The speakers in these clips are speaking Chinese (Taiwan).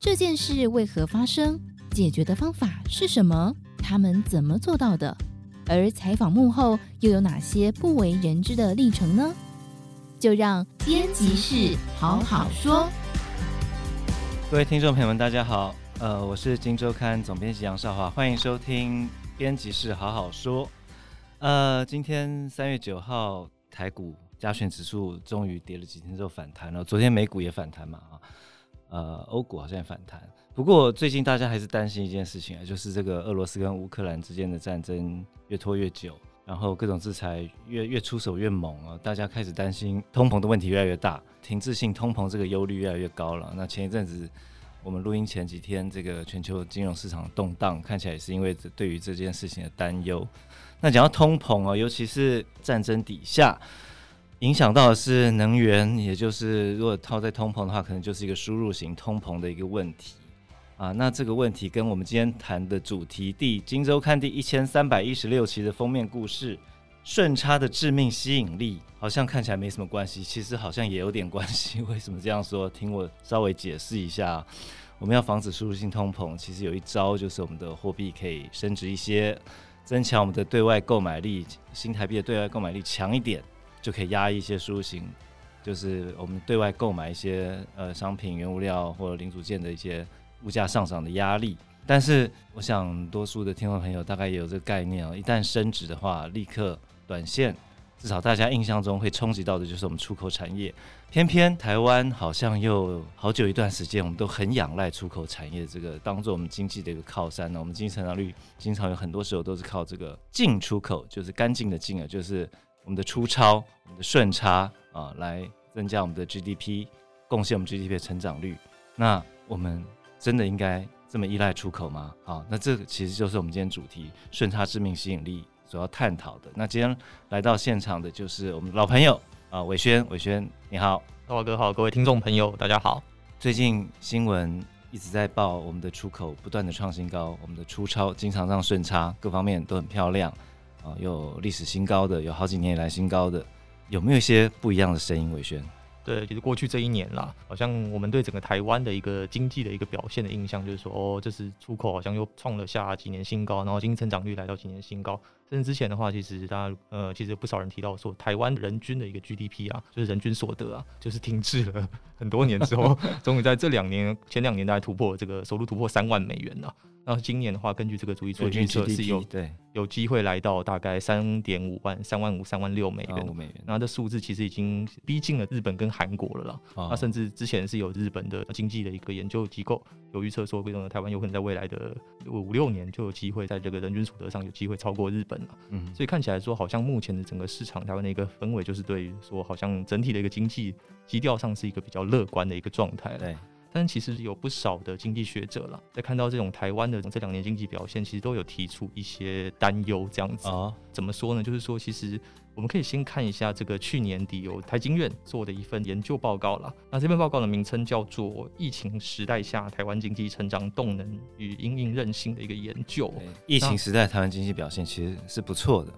這件事為何發生？解決的方法是什麼？他們怎麼做到的？而採訪幕後又有哪些不為人知的歷程呢？就讓編輯室好好說。各位聽眾朋友們，大家好，呃，我是《今周刊》總編輯楊紹華，歡迎收聽《編輯室好好說》。呃，今天三月九號，台股加權指數終於跌了幾天之後反彈了，昨天美股也反彈嘛，啊。呃，歐股好像在反彈，不過最近大家還是擔心一件事情啊，就是這個俄羅斯跟烏克蘭之間的戰爭越拖越久，然後各種制裁越越出手越猛哦，大家開始擔心通膨的問題越來越大，停滯性通膨這個憂慮越來越高了。那前一陣子我們錄音前幾天，這個全球金融市場動盪看起來也是因為對於這件事情的擔憂。那講到通膨哦，尤其是戰爭底下。影響到的是能源，也就是如果套在通膨的話，可能就是一個輸入型通膨的一個問題啊。那這個問題跟我們今天談的主題第《今周刊》第一千三百一十六期的封面故事“順差的致命吸引力”好像看起來沒什麼關係，其實好像也有點關係。為什麼這樣說？聽我稍微解釋一下。我們要防止輸入型通膨，其實有一招就是我們的貨幣可以升值一些，增強我們的對外購買力，新台幣的對外購買力強一點，就可以壓一些輸入性，就是我們對外購買一些呃商品、原物料或者零組件的一些物價上漲的壓力。但是，我想多數的聽眾朋友大概也有這個概念哦。一旦升值的話，立刻短線，至少大家印象中會衝擊到的就是我們出口產業。偏偏台灣好像又好久一段時間，我們都很仰賴出口產業這個當做我們經濟的一個靠山呢。我們經濟成長率經常有很多時候都是靠這個淨出口，就是乾淨的淨啊，就是。我們的出超，我們的順差啊，來增加我們的 GDP，貢獻我們 GDP 的成長率。那我們真的應該這麼依賴出口嗎？好，那這個其實就是我們今天主題“順差致命吸引力”所要探討的。那今天來到現場的就是我們老朋友啊，煒軒，煒軒，你好，紹華哥好，各位聽眾朋友，大家好。最近新聞一直在報我們的出口不斷的創新高，我們的出超、經常帳順差，各方面都很漂亮。啊、哦，有歷史新高的，有好幾年以來新高的，有沒有一些不一樣的聲音？煒軒，對，就是過去這一年啦，好像我們對整個台灣的一個經濟的一個表現的印象，就是說，哦，這次出口好像又創了下幾年新高，然後經濟成長率來到幾年新高。甚至之前的話，其實大家呃，其實有不少人提到說，台灣人均的一個 GDP 啊，就是人均所得啊，就是停滯了很多年之後，終 於在這兩年前兩年，年大概突破這個收入突破三萬美元了、啊。那今年的話，根據這個主意做預測是有 GDP，對，有機會來到大概三點五萬、三萬五、三萬六美元。啊，美元。那這數字其實已經逼近了日本跟韓國了啦。啊。那甚至之前是有日本的經濟的一個研究機構有預測說，台灣有可能在未來的五六年就有機會在這個人均所得上有機會超過日本。嗯，所以看起來說，好像目前的整個市場，台灣的一個氛圍就是對於說，好像整體的一個經濟基調上是一個比較樂觀的一個狀態。對，但其實有不少的經濟學者啦，在看到這種台灣的這兩年經濟表現，其實都有提出一些擔憂這樣子啊、哦。怎麼說呢？就是說，其實。我們可以先看一下這個去年底由台經院做的一份研究報告啦。那這份報告的名稱叫做《疫情時代下台灣經濟成長動能與因應韌性的一個研究》。疫情時代台灣經濟表現其實是不錯的。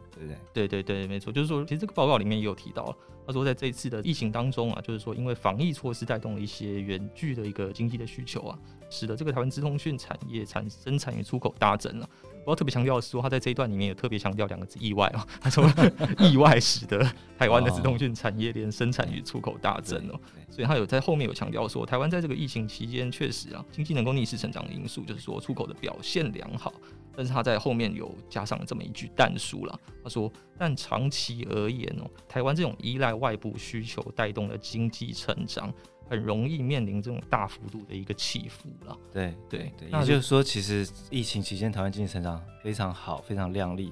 對對對，沒錯，就是說，其實這個報告裡面也有提到、啊、他說在這一次的疫情當中啊，就是說因為防疫措施帶動了一些遠距的一個經濟的需求啊，使得這個台灣資通訊產業產生產與出口大增了、啊。我要特別強調的是說，他在這一段裡面也特別強調兩個字“意外”哦，他說 意外使得台灣的資通訊產業鏈生產與出口大增哦，所以他有在後面有強調說，台灣在這個疫情期間確實啊，經濟能夠逆勢成長的因素就是說出口的表現良好。但是他在後面有加上這麼一句但書了，他說：“但長期而言哦、喔，台灣這種依賴外部需求帶動的經濟成長，很容易面臨這種大幅度的一個起伏了。”對對對，那就是說，其實疫情期間台灣經濟成長非常好，非常亮麗，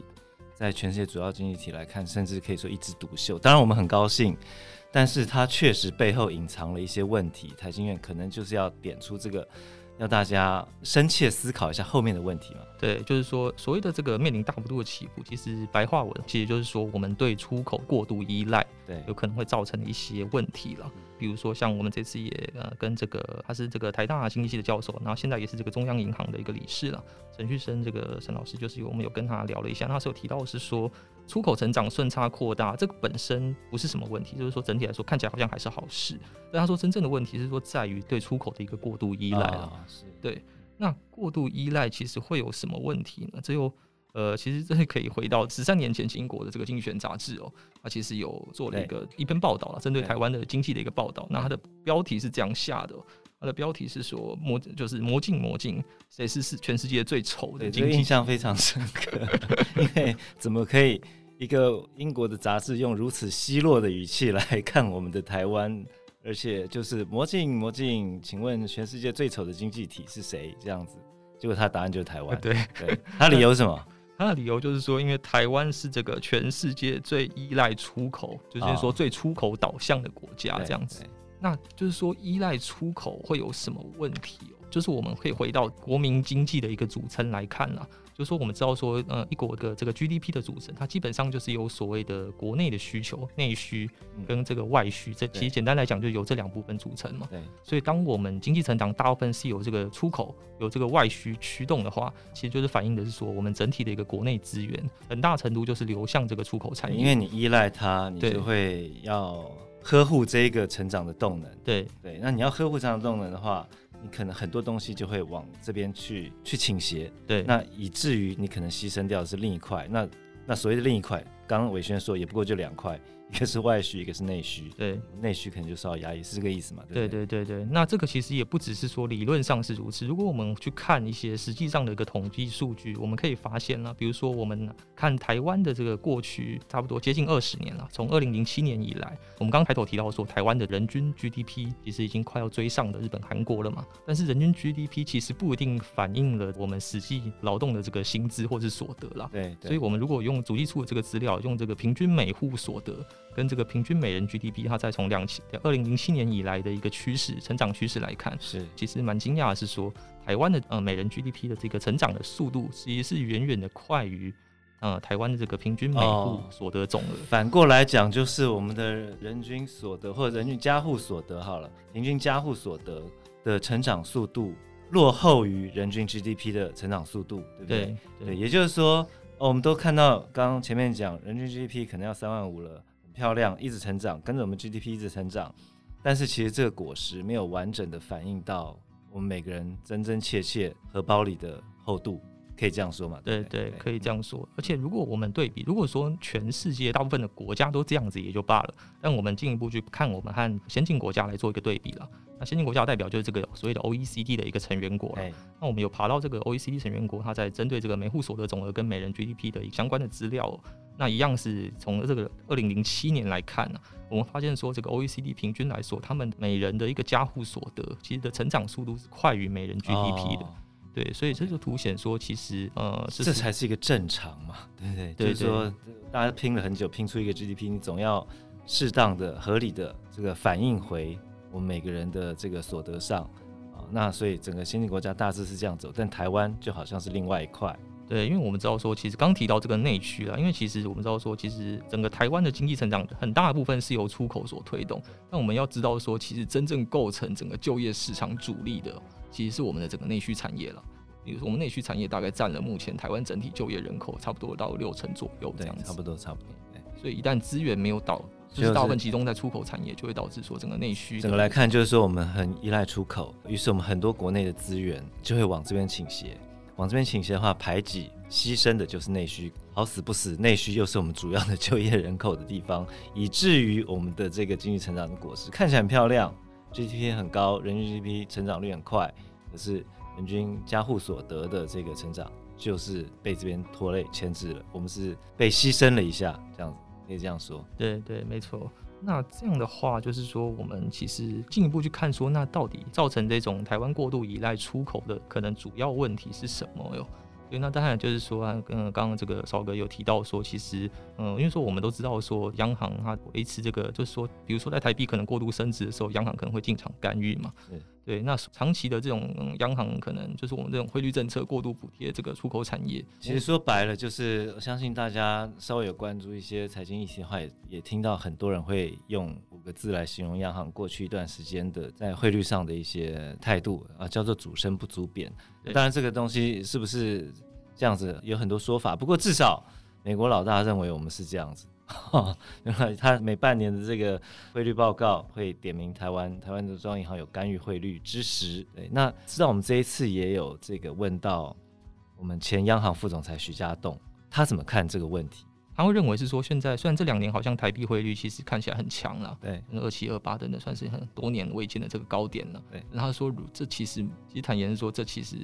在全世界主要經濟體來看，甚至可以說一枝獨秀。當然，我們很高興，但是它確實背後隱藏了一些問題。台經院可能就是要點出這個。要大家深切思考一下後面的問題嘛？對，就是說所謂的這個面臨大幅度的起伏，其實白話文其實就是說我們對出口過度依賴，對，有可能會造成一些問題了。比如說，像我們這次也呃跟這個，他是這個台大經濟系的教授，然後現在也是這個中央銀行的一個理事了。陳旭昇這個陳老師，就是有我們有跟他聊了一下，那時候有提到是說，出口成長順差擴大，這個本身不是什麼問題，就是說整體來說看起來好像還是好事。但他說真正的問題是說在於對出口的一個過度依賴了、啊。對，那過度依賴其實會有什麼問題呢？只有呃，其實這是可以回到十三年前英國的這個《經濟學》雜誌哦、喔，它其實有做了一個一篇報道了，針對,對台灣的經濟的一個報道。那它的標題是這樣下的、喔，它的標題是說“魔就是魔鏡，魔鏡，誰是世全世界最醜的經濟？”這印象非常深刻， 因為怎麼可以一個英國的雜志用如此奚落的語氣來看我們的台灣？而且就是魔鏡，魔鏡，請問全世界最醜的經濟體是誰？這樣子，結果他答案就是台灣。對對，他理由是什麼？ 他的理由就是說，因為台灣是這個全世界最依賴出口，就是、就是說最出口導向的國家這樣子。Oh. 那就是說，依賴出口會有什麼問題？就是我們可以回到國民經濟的一個組成來看啦。就是說我們知道說，嗯、呃，一國的這個 GDP 的組成，它基本上就是有所謂的國內的需求、內需跟這個外需，嗯、這其實簡單來講，就是由這兩部分組成嘛。對。所以，當我們經濟成長大部分是由這個出口、有這個外需驅動的話，其實就是反映的是說，我們整體的一個國內資源很大程度就是流向這個出口產業。因為你依賴它，你就會要呵護這一個成長的動能。對對。那你要呵護這樣的動能的話。你可能很多東西就會往這邊去去傾斜，對，那以至於你可能犧牲掉的是另一塊，那那所謂的另一塊，剛剛煒軒說也不過就兩塊。一個是外需，一個是內需，對內需可能就是要壓抑，是這個意思嘛？對對？對對對對，那這個其實也不只是說理論上是如此，如果我們去看一些實際上的一個統計數據，我們可以發現了，比如說我們看台灣的這個過去差不多接近二十年了，從二零零七年以來，我們剛開頭提到說，台灣的人均 GDP 其實已經快要追上的日本、韓國了嘛？但是人均 GDP 其實不一定反映了我們實際勞動的這個薪資或者是所得了。對，對，所以我們如果用主計處的這個資料，用這個平均每戶所得。跟這個平均每人 GDP，它再從兩七，二零零七年以來的一個趨勢，成長趨勢來看，是其實蠻驚訝的是說，台灣的呃每人 GDP 的這個成長的速度，其實是遠遠的快於，呃台灣的這個平均每戶所得總額。哦，反過來講，就是我們的人均所得或者人均家戶所得，好了，平均家戶所得的成長速度落後於人均 GDP 的成長速度，對不對？對，對對也就是說，哦，我們都看到剛剛前面講，人均 GDP 可能要三萬五了。漂亮，一直成長，跟着我們 GDP 一直成長，但是其實這個果實沒有完整的反映到我們每個人真真切切荷包裡的厚度，可以這樣說嗎？對對，對，對，可以這樣說。嗯。而且如果我們對比，如果說全世界大部分的國家都這樣子也就罷了，但我們進一步去看，我們和先進國家來做一個對比了。那先進國家的代表就是這個所謂的 O E C D 的一個成員國了、欸、那我們有爬到這個 O E C D 成員國，它在針對這個每戶所得總額跟每人 G D P 的一個相關的資料。那一樣是從這個二零零七年來看呢、啊，我們發現說這個 O E C D 平均來說，他們每人的一個家戶所得，其實的成長速度是快於每人 G D P 的、哦。對，所以這就凸顯說，其實呃，這才是一個正常嘛。對對對，對，就是說大家拼了很久，拼出一個 G D P，你總要適當的、合理的這個反應回。我們每個人的這個所得上啊，那所以整個先進國家大致是這樣走，但台灣就好像是另外一塊。對，因為我們知道說，其實剛提到這個內需啊，因為其實我們知道說，其實整個台灣的經濟成長很大部分是由出口所推動。但我們要知道說，其實真正構成整個就業市場主力的，其實是我們的整個內需產業了。比如說，我們內需產業大概占了目前台灣整體就業人口差不多到六成左右，這樣子差不多差不多。所以一旦資源沒有導，就是大部分集中在出口產業，就會導致說整個內需。整個來看，就是說我們很依賴出口，於是我們很多國內的資源就會往這邊傾斜。往這邊傾斜的話，排擠犧牲的就是內需。好死不死，內需又是我們主要的就業人口的地方，以至於我們的這個經濟成長的果實看起來很漂亮，GDP 很高，人均 GDP 成長率很快，可是人均家戶所得的這個成長就是被這邊拖累牽制了。我們是被犧牲了一下，這樣子。可以這樣說，對對，對，沒錯。那這樣的話，就是說，我們其實進一步去看，說那到底造成這種台灣過度依賴出口的，可能主要問題是什麼喲？所以那當然就是說，嗯，剛剛這個紹哥有提到說，其實，嗯，因為說我們都知道說，央行它維持這個，就是說，比如說在台幣可能過度升值的時候，央行可能會進場干預嘛。對對，那長期的這種央行可能就是我們這種匯率政策過度補貼這個出口產業。其實說白了，就是我相信大家稍微有關注一些財經議題的話也，也也聽到很多人會用五個字來形容央行過去一段時間的在匯率上的一些態度啊，叫做主身“主升不主貶”。當然，這個東西是不是這樣子，有很多說法。不過至少美國老大認為我們是這樣子。哈、哦，原來他每半年的這個匯率報告會點名台灣，台灣的中央銀行有干預匯率知識。對，那知道我們這一次也有這個問到我們前央行副總裁許嘉棟，他怎麼看這個問題？他會認為是說，現在雖然這兩年好像台幣匯率其實看起來很強了，對，二七二八等等算是很多年未見的這個高點了。對，然後他說這其實，其實坦言說，這其實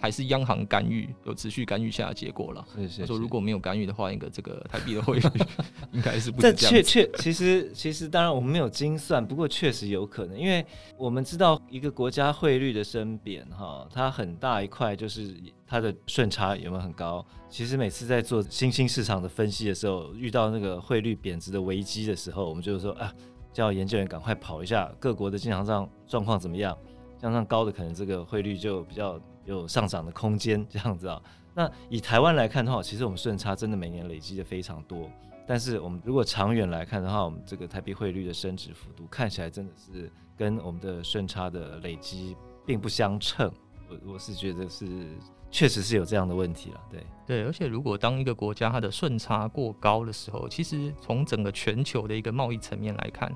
還是央行干預有持續干預下的結果了。是是,是,是。他說如果沒有干預的話，一個這個台幣的匯率 應該是不。這, 這確確，其實其實當然我們沒有精算，不過確實有可能，因為我們知道一個國家匯率的升貶哈，它很大一塊就是。它的順差有沒有很高？其實每次在做新興市場的分析的時候，遇到那個匯率貶值的危機的時候，我們就是說啊，叫研究員趕快跑一下，各國的經常賬狀況怎麼樣？經常高的可能這個匯率就比較有上漲的空間，這樣子啊、喔。那以台灣來看的話，其實我們順差真的每年累積的非常多，但是我們如果長遠來看的話，我們這個台幣匯率的升值幅度看起來真的是跟我們的順差的累積並不相稱。我我是覺得是。確實是有這樣的問題了，對對，而且如果當一個國家它的順差過高的時候，其實從整個全球的一個貿易層面來看，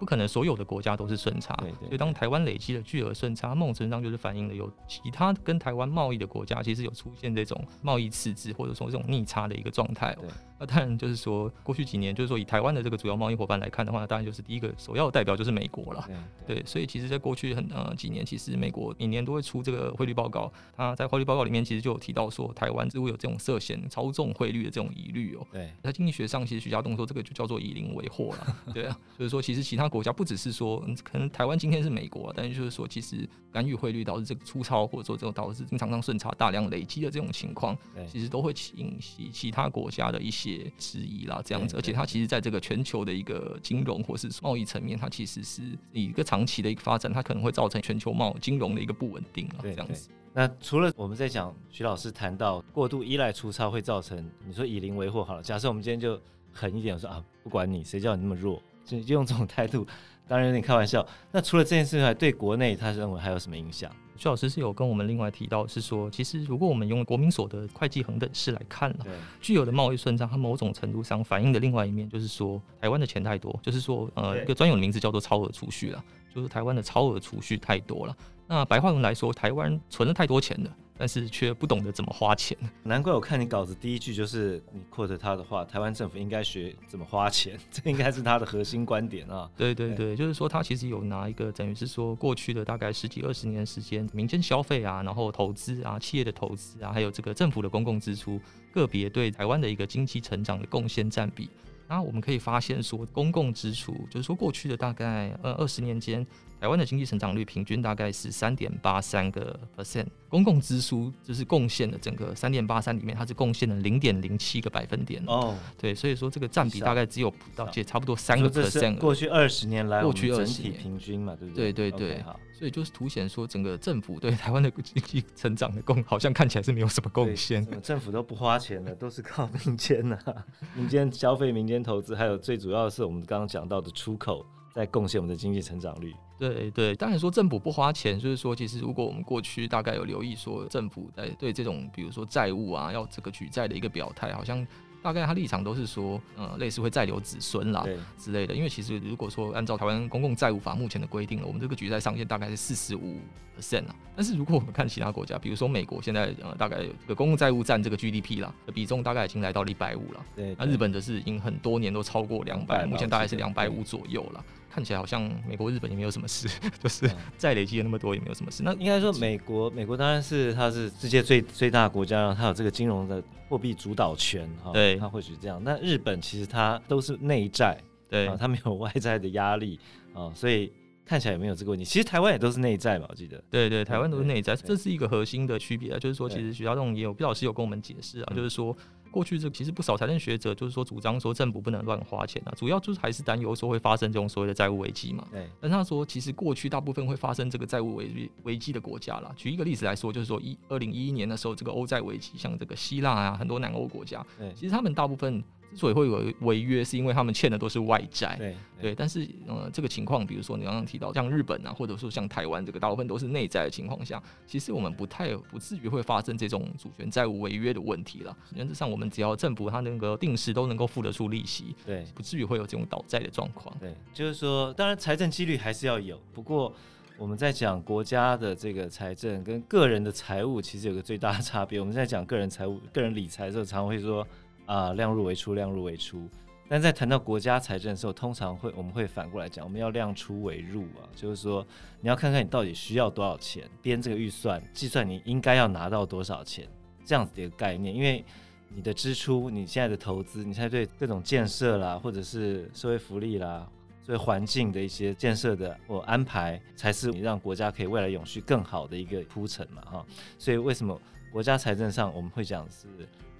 不可能所有的國家都是順差，對，對，對，當台灣累積的巨額順差，某種程度上就是反映了有其他跟台灣貿易的國家，其實有出現這種貿易赤字或者說這種逆差的一個狀態。對。那當然就是說，過去幾年就是說，以台灣的這個主要貿易伙伴來看的話，當然就是第一個首要的代表就是美國了。對，所以其實，在過去很呃幾年，其實美國每年都會出這個匯率報告。他在匯率報告裡面，其實就有提到說，台灣是否有這種涉嫌操縱匯率的這種疑慮哦、喔。對，在經濟學上，其實許嘉棟說這個就叫做以鄰為壑了。 對啊，所以說其實其他國家不只是說，可能台灣今天是美國，但是就是說，其實乾預匯率導致這個出超，或者說這種導致經常帳順差大量累積的這種情況，其實都會引起其他國家的一些。之一啦，這樣子，而且它其實在這個全球的一個金融或是貿易層面，它其實是以一個長期的一個發展，它可能會造成全球貿金融的一個不穩定啊。這樣子。那除了我們在講徐老師談到過度依賴出超會造成，你說以鄰為壑好了，假設我們今天就狠一點，我說啊，不管你，誰叫你那麼弱，就用這種態度，當然有點開玩笑。那除了這件事，還對國內他是認為還有什麼影響？許老師是有跟我們另外提到，是說，其實如果我們用國民所得會計恆等式來看了，具有的貿易順差，它某種程度上反映的另外一面，就是說台灣的錢太多，就是說呃一個專有名字叫做超額儲蓄了，就是台灣的超額儲蓄太多了。那白話文來說，台灣存了太多錢了。但是卻不懂得怎麼花錢，難怪我看你稿子第一句就是你 quote 他的話，台灣政府應該學怎麼花錢， 這應該是他的核心觀點啊。對對對，對就是說他其實有拿一個等於是說過去的大概十幾二十年時間，民間消費啊，然後投資啊，企業的投資啊，還有這個政府的公共支出，個別對台灣的一個經濟成長的貢獻占比，那我們可以發現說公共支出就是說過去的大概二二十年間。台灣的經濟成長率平均大概是三點八三個 percent，公共支出就是貢獻了整個三點八三裡面，它是貢獻了零點零七個百分點哦、oh,。對，所以說這個占比大概只有不到且差不多三個 percent。過去二十年，年來，過去整體平均嘛，對不對？對對對 okay,。所以就是凸顯說，整個政府對台灣的經濟成長的貢，好像看起來是沒有什麼貢獻。政府都不花錢了， 都是靠民間啊，民間消費、民間投資，還有最主要的是我們剛剛講到的出口。在貢獻我們的經濟成長率對。對對，當然說政府不花錢，就是說其實如果我們過去大概有留意，說政府在對這種比如說債務啊，要這個舉債的一個表態，好像大概他立場都是說，嗯、呃，類似會債留子孫啦之類的。因為其實如果說按照台灣公共債務法目前的規定，我們這個舉債上限大概是四十五 percent 啦。但是如果我們看其他國家，比如說美國現在、呃、大概有個公共債務佔這個 GDP 啦，比重大概已經來到一百五了啦對。對，那日本的是已經很多年都超過兩百，目前大概是兩百五左右了。看起來好像美國、日本也沒有什麼事，就是債，累積了那麼多也沒有什麼事。那應該說美國，美國當然是它是世界最最大的國家，它有這個金融的貨幣主導權哈。對，它或許這樣。那日本其實它都是內債，對，它沒有外債的壓力啊，所以。看起來也沒有這個問題，其實台灣也都是內在嘛，我記得。對對,對，台灣都是內在對對對，這是一個核心的區別啊。就是說，其實許嘉棟也有，畢老師有跟我們解釋啊，就是說，過去這其實不少財政學者就是說主張說政府不能亂花錢啊，主要就是還是擔憂說會發生這種所謂的債務危機嘛。對。但他說，其實過去大部分會發生這個債務危危機的國家啦。舉一個例子來說，就是說一二零一一年的時候，這個歐債危機，像這個希臘啊，很多南歐國家，其實他們大部分。之所以會有違約，是因為他們欠的都是外債。對，對，但是，嗯、呃，這個情況，比如說你剛剛提到，像日本啊，或者說像台灣，這個大部分都是內債的情況下，其實我們不太不至於會發生這種主權債務違約的問題了。原則上，我們只要政府他那個定時都能夠付得出利息，對，不至於會有這種倒債的狀況。對，就是說，當然財政紀律還是要有。不過，我們在講國家的這個財政跟個人的財務，其實有個最大的差別。我們在講個人財務、個人理財的時候，常會說。啊，量入為出，量入為出。但在談到國家財政的時候，通常會我們會反過來講，我們要量出為入啊，就是說你要看看你到底需要多少錢，編這個預算，計算你應該要拿到多少錢，這樣子的一個概念。因為你的支出，你現在的投資，你才對各種建設啦，或者是社會福利啦，所以環境的一些建設的我安排，才是你讓國家可以未來永續更好的一個鋪陳嘛，哈、哦。所以為什麼國家財政上我們會講是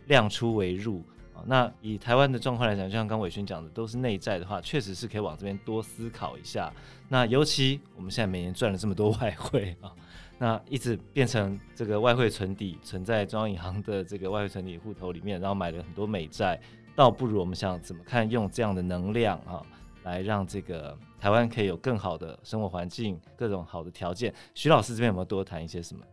量出為入？那以台灣的狀況來講，就像剛煒軒講的，都是內債的話，確實是可以往這邊多思考一下。那尤其我們現在每年賺了這麼多外匯啊，那一直變成這個外匯存底，存在中央銀行的這個外匯存底戶頭裡面，然後買了很多美債，倒不如我們想怎麼看用這樣的能量啊，來讓這個台灣可以有更好的生活環境，各種好的條件。許老師這邊有沒有多談一些什麼？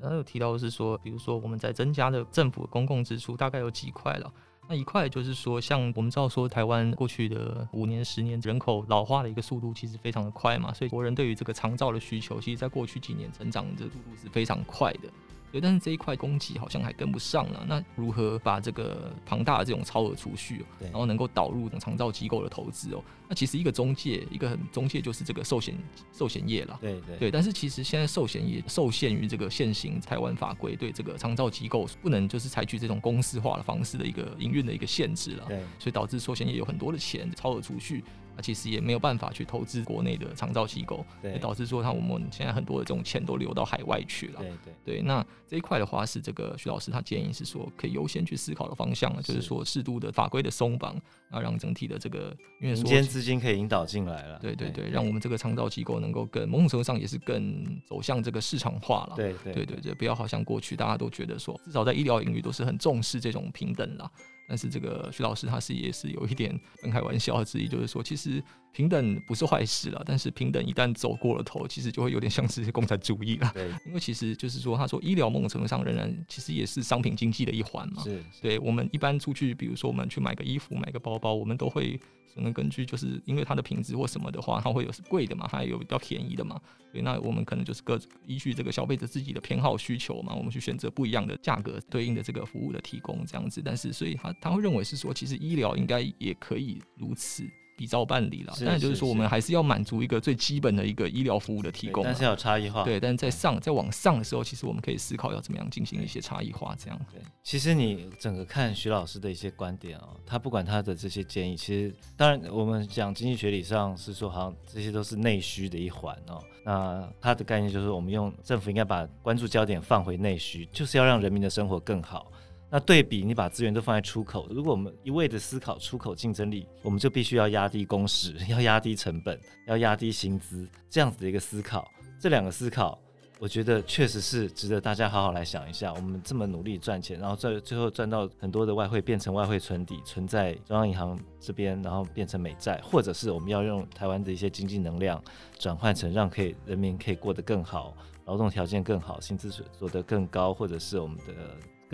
剛剛有提到的是說，比如說我們在增加的政府公共支出大概有幾塊了？那一塊就是說，像我們知道說，台灣過去的五年、十年，人口老化的一個速度其實非常的快嘛，所以國人對於這個長照的需求，其實在過去幾年成長的速度是非常快的。對，但是這一塊供給好像還跟不上了。那如何把這個龐大的這種超額儲蓄，然後能夠導入這種長照機構的投資哦？那其實一個中介，一個很中介就是這個壽險壽險業啦。對，對對對，但是其實現在壽險業受限於這個現行台灣法規，對這個長照機構不能就是採取這種公司化的方式的一個營運的一個限制了。對，所以導致壽險業有很多的錢超額儲蓄。其實也沒有辦法去投資國內的長照機構，也導致說他我們現在很多的這種錢都流到海外去了。對對對，那這一塊的話，是這個許老師他建議是說，可以優先去思考的方向就是說適度的法規的鬆綁，啊，讓整體的這個因為民間資金可以引導進來了。對對對，對，讓我們這個長照機構能夠更某種程度上也是更走向這個市場化了。對對對對，對，對，不要好像過去大家都覺得說，至少在醫療領域都是很重視這種平等了。但是這個許老師他是也是有一點半開玩笑的之意就是說其實。平等不是壞事了，但是平等一旦走過了頭，其實就會有點像是共產主義了。對，因為其實就是說，他說醫療某種程度上仍然其實也是商品經濟的一環嘛。是，對，我們一般出去，比如說我們去買個衣服、買個包包，我們都會可能根據就是因為它的品質或什麼的話，它會有是貴的嘛，它也有比較便宜的嘛。對，那我們可能就是各依據這個消費者自己的偏好需求嘛，我們去選擇不一樣的價格對應的這個服務的提供這樣子。但是，所以他他會認為是說，其實醫療應該也可以如此。比照辦理了，當然就是說，我們還是要滿足一個最基本的一個醫療服務的提供，但是要有差異化。對，但是在上，在往上的時候，其實我們可以思考要怎麼樣進行一些差異化，這樣。對，其實你整個看許老師的一些觀點啊、喔，他不管他的這些建議，其實當然我們講經濟學理上是說，好像這些都是內需的一環哦、喔。那他的概念就是，我們用政府應該把關注焦點放回內需，就是要讓人民的生活更好。那對比，你把資源都放在出口。如果我們一味的思考出口競爭力，我們就必須要壓低工時，要壓低成本，要壓低薪資，這樣子的一個思考。這兩個思考，我覺得確實是值得大家好好來想一下。我們這麼努力賺錢，然後在最後賺到很多的外匯，變成外匯存底，存在中央銀行這邊，然後變成美債，或者是我們要用台灣的一些經濟能量轉換成讓可以人民可以過得更好，勞動條件更好，薪資所得更高，或者是我們的。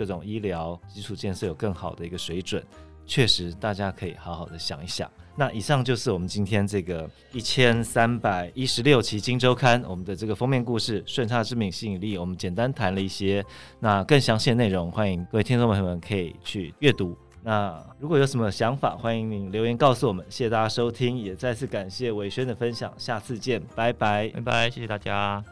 各種醫療基礎建設有更好的一個水準，確實大家可以好好的想一想。那以上就是我們今天這個一千三百一十六期今周刊，我們的這個封面故事《順差的致命吸引力》，我們簡單談了一些，那更詳細的內容，歡迎各位聽眾朋友們可以去閱讀。那如果有什麼想法，歡迎您留言告訴我們。謝謝大家收聽，也再次感謝煒軒的分享。下次見，拜拜，拜拜，謝謝大家。